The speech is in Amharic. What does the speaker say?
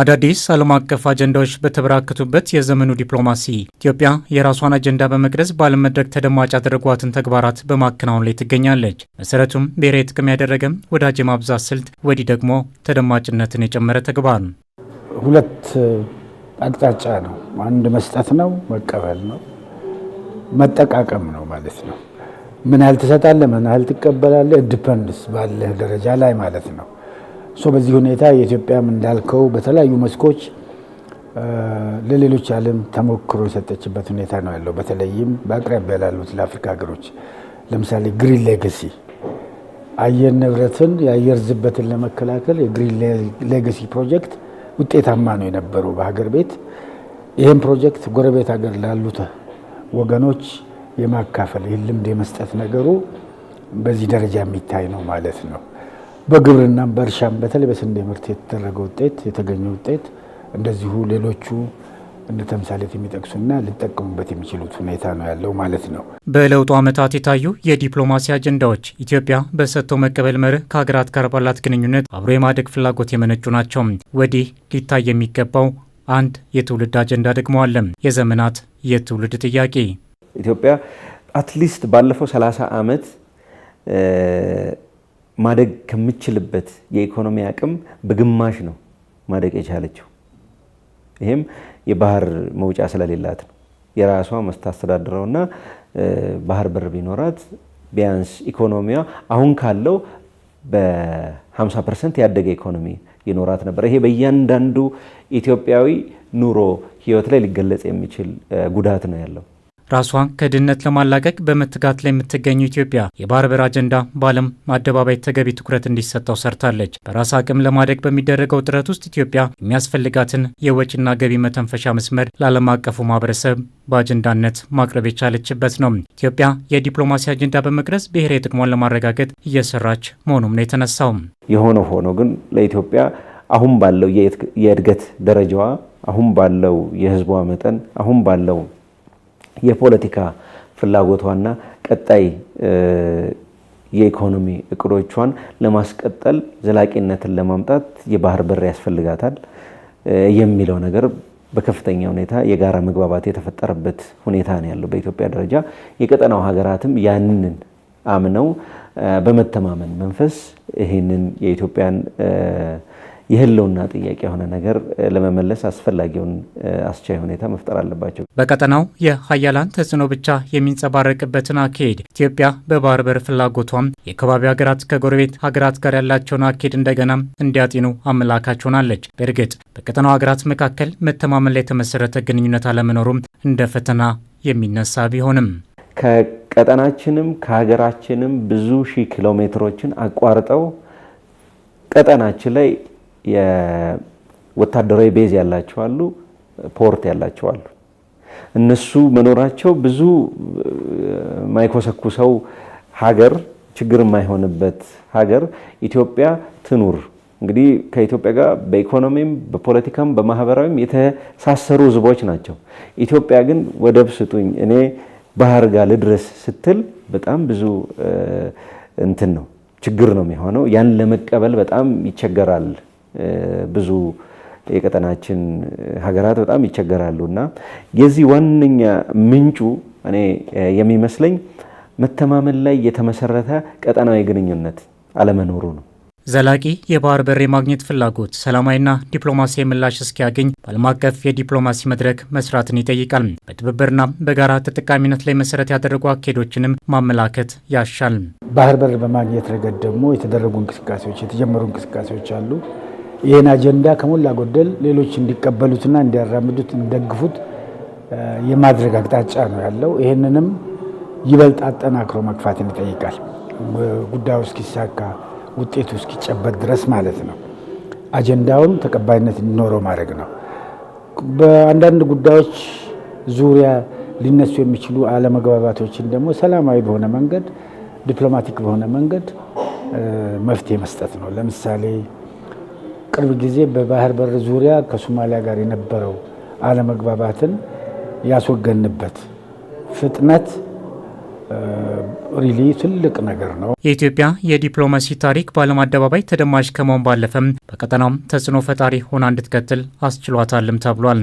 አዳዲስ ዓለም አቀፍ አጀንዳዎች በተበራከቱበት የዘመኑ ዲፕሎማሲ ኢትዮጵያ የራሷን አጀንዳ በመቅረጽ በዓለም መድረክ ተደማጭ ያደረጓትን ተግባራት በማከናወን ላይ ትገኛለች። መሰረቱም ብሔራዊ ጥቅም ያደረገም ወዳጅ የማብዛት ስልት፣ ወዲህ ደግሞ ተደማጭነትን የጨመረ ተግባር ነው። ሁለት አቅጣጫ ነው። አንድ መስጠት ነው፣ መቀበል ነው፣ መጠቃቀም ነው ማለት ነው። ምን ያህል ትሰጣለህ፣ ምን ያህል ትቀበላለህ፣ ዲፐንድስ ባለህ ደረጃ ላይ ማለት ነው በዚህ ሁኔታ የኢትዮጵያም እንዳልከው በተለያዩ መስኮች ለሌሎች ዓለም ተሞክሮ የሰጠችበት ሁኔታ ነው ያለው። በተለይም በአቅራቢያ ላሉት ለአፍሪካ ሀገሮች ለምሳሌ ግሪን ሌገሲ አየር ንብረትን የአየር ዝበትን ለመከላከል የግሪን ሌገሲ ፕሮጀክት ውጤታማ ነው የነበረው በሀገር ቤት። ይህም ፕሮጀክት ጎረቤት ሀገር ላሉት ወገኖች የማካፈል ይህ ልምድ የመስጠት ነገሩ በዚህ ደረጃ የሚታይ ነው ማለት ነው። በግብርናም በእርሻም በተለይ በስንዴ ምርት የተደረገ ውጤት የተገኘ ውጤት እንደዚሁ ሌሎቹ እንደ ተምሳሌት የሚጠቅሱና ሊጠቀሙበት የሚችሉት ሁኔታ ነው ያለው ማለት ነው። በለውጡ ዓመታት የታዩ የዲፕሎማሲ አጀንዳዎች ኢትዮጵያ በሰጥቶ መቀበል መርህ ከሀገራት ጋር ባላት ግንኙነት አብሮ የማደግ ፍላጎት የመነጩ ናቸው። ወዲህ ሊታይ የሚገባው አንድ የትውልድ አጀንዳ ደግሞ አለም የዘመናት የትውልድ ጥያቄ ኢትዮጵያ አትሊስት ባለፈው 30 ዓመት ማደግ ከምችልበት የኢኮኖሚ አቅም በግማሽ ነው ማደግ የቻለችው። ይህም የባህር መውጫ ስለሌላት ነው። የራሷ መስታስተዳድረውና ባህር በር ቢኖራት ቢያንስ ኢኮኖሚዋ አሁን ካለው በ50 ፐርሰንት ያደገ ኢኮኖሚ ይኖራት ነበር። ይሄ በእያንዳንዱ ኢትዮጵያዊ ኑሮ ህይወት ላይ ሊገለጽ የሚችል ጉዳት ነው ያለው። ራሷን ከድህነት ለማላቀቅ በመትጋት ላይ የምትገኘው ኢትዮጵያ የባህር በር አጀንዳ በዓለም አደባባይ ተገቢ ትኩረት እንዲሰጠው ሰርታለች። በራስ አቅም ለማደግ በሚደረገው ጥረት ውስጥ ኢትዮጵያ የሚያስፈልጋትን የወጪና ገቢ መተንፈሻ መስመር ለዓለም አቀፉ ማህበረሰብ በአጀንዳነት ማቅረብ የቻለችበት ነው። ኢትዮጵያ የዲፕሎማሲ አጀንዳ በመቅረጽ ብሔራዊ ጥቅሟን ለማረጋገጥ እየሰራች መሆኑም ነው የተነሳው። የሆነ ሆኖ ግን ለኢትዮጵያ አሁን ባለው የእድገት ደረጃዋ አሁን ባለው የህዝቧ መጠን አሁን ባለው የፖለቲካ ፍላጎቷና ቀጣይ የኢኮኖሚ እቅዶቿን ለማስቀጠል ዘላቂነትን ለማምጣት የባህር በር ያስፈልጋታል የሚለው ነገር በከፍተኛ ሁኔታ የጋራ መግባባት የተፈጠረበት ሁኔታ ነው ያለው በኢትዮጵያ ደረጃ። የቀጠናው ሀገራትም ያንን አምነው በመተማመን መንፈስ ይህንን የኢትዮጵያን የህልውና ጥያቄ የሆነ ነገር ለመመለስ አስፈላጊውን አስቻይ ሁኔታ መፍጠር አለባቸው። በቀጠናው የሀያላን ተጽዕኖ ብቻ የሚንጸባረቅበትን አካሄድ ኢትዮጵያ በባህር በር ፍላጎቷም የከባቢ ሀገራት ከጎረቤት ሀገራት ጋር ያላቸውን አካሄድ እንደገና እንዲያጤኑ አመላካች ሆናለች። በእርግጥ በቀጠናው ሀገራት መካከል መተማመን ላይ የተመሰረተ ግንኙነት አለመኖሩም እንደ ፈተና የሚነሳ ቢሆንም ከቀጠናችንም ከሀገራችንም ብዙ ሺህ ኪሎ ሜትሮችን አቋርጠው ቀጠናችን ላይ ወታደራዊ ቤዝ ያላቸው አሉ፣ ፖርት ያላቸው አሉ። እነሱ መኖራቸው ብዙ ማይኮሰኩሰው ሀገር ችግር የማይሆንበት ሀገር ኢትዮጵያ ትኑር። እንግዲህ ከኢትዮጵያ ጋር በኢኮኖሚም በፖለቲካም በማህበራዊም የተሳሰሩ ህዝቦች ናቸው። ኢትዮጵያ ግን ወደብ ስጡኝ እኔ ባህር ጋር ልድረስ ስትል በጣም ብዙ እንትን ነው ችግር ነው የሚሆነው። ያን ለመቀበል በጣም ይቸገራል። ብዙ የቀጠናችን ሀገራት በጣም ይቸገራሉ እና የዚህ ዋነኛ ምንጩ እኔ የሚመስለኝ መተማመን ላይ የተመሰረተ ቀጠናዊ ግንኙነት አለመኖሩ ነው። ዘላቂ የባህር በር የማግኘት ፍላጎት ሰላማዊና ዲፕሎማሲያዊ ምላሽ እስኪያገኝ በዓለም አቀፍ የዲፕሎማሲ መድረክ መስራትን ይጠይቃል። በትብብርና በጋራ ተጠቃሚነት ላይ መሰረት ያደረጉ አካሄዶችንም ማመላከት ያሻል። ባህር በር በማግኘት ረገድ ደግሞ የተደረጉ እንቅስቃሴዎች የተጀመሩ እንቅስቃሴዎች አሉ። ይህን አጀንዳ ከሞላ ጎደል ሌሎች እንዲቀበሉትና እንዲያራምዱት እንዲደግፉት የማድረግ አቅጣጫ ነው ያለው። ይህንንም ይበልጥ አጠናክሮ መግፋትን ይጠይቃል። ጉዳዩ እስኪሳካ ውጤቱ እስኪጨበጥ ድረስ ማለት ነው። አጀንዳውን ተቀባይነት እንዲኖረው ማድረግ ነው። በአንዳንድ ጉዳዮች ዙሪያ ሊነሱ የሚችሉ አለመግባባቶችን ደግሞ ሰላማዊ በሆነ መንገድ፣ ዲፕሎማቲክ በሆነ መንገድ መፍትሄ መስጠት ነው። ለምሳሌ በቅርብ ጊዜ በባህር በር ዙሪያ ከሶማሊያ ጋር የነበረው አለመግባባትን ያስወገንበት ፍጥነት ሪሊ ትልቅ ነገር ነው። የኢትዮጵያ የዲፕሎማሲ ታሪክ በዓለም አደባባይ ተደማሽ ከመሆን ባለፈም በቀጠናውም ተጽዕኖ ፈጣሪ ሆና እንድትቀጥል አስችሏታልም ተብሏል።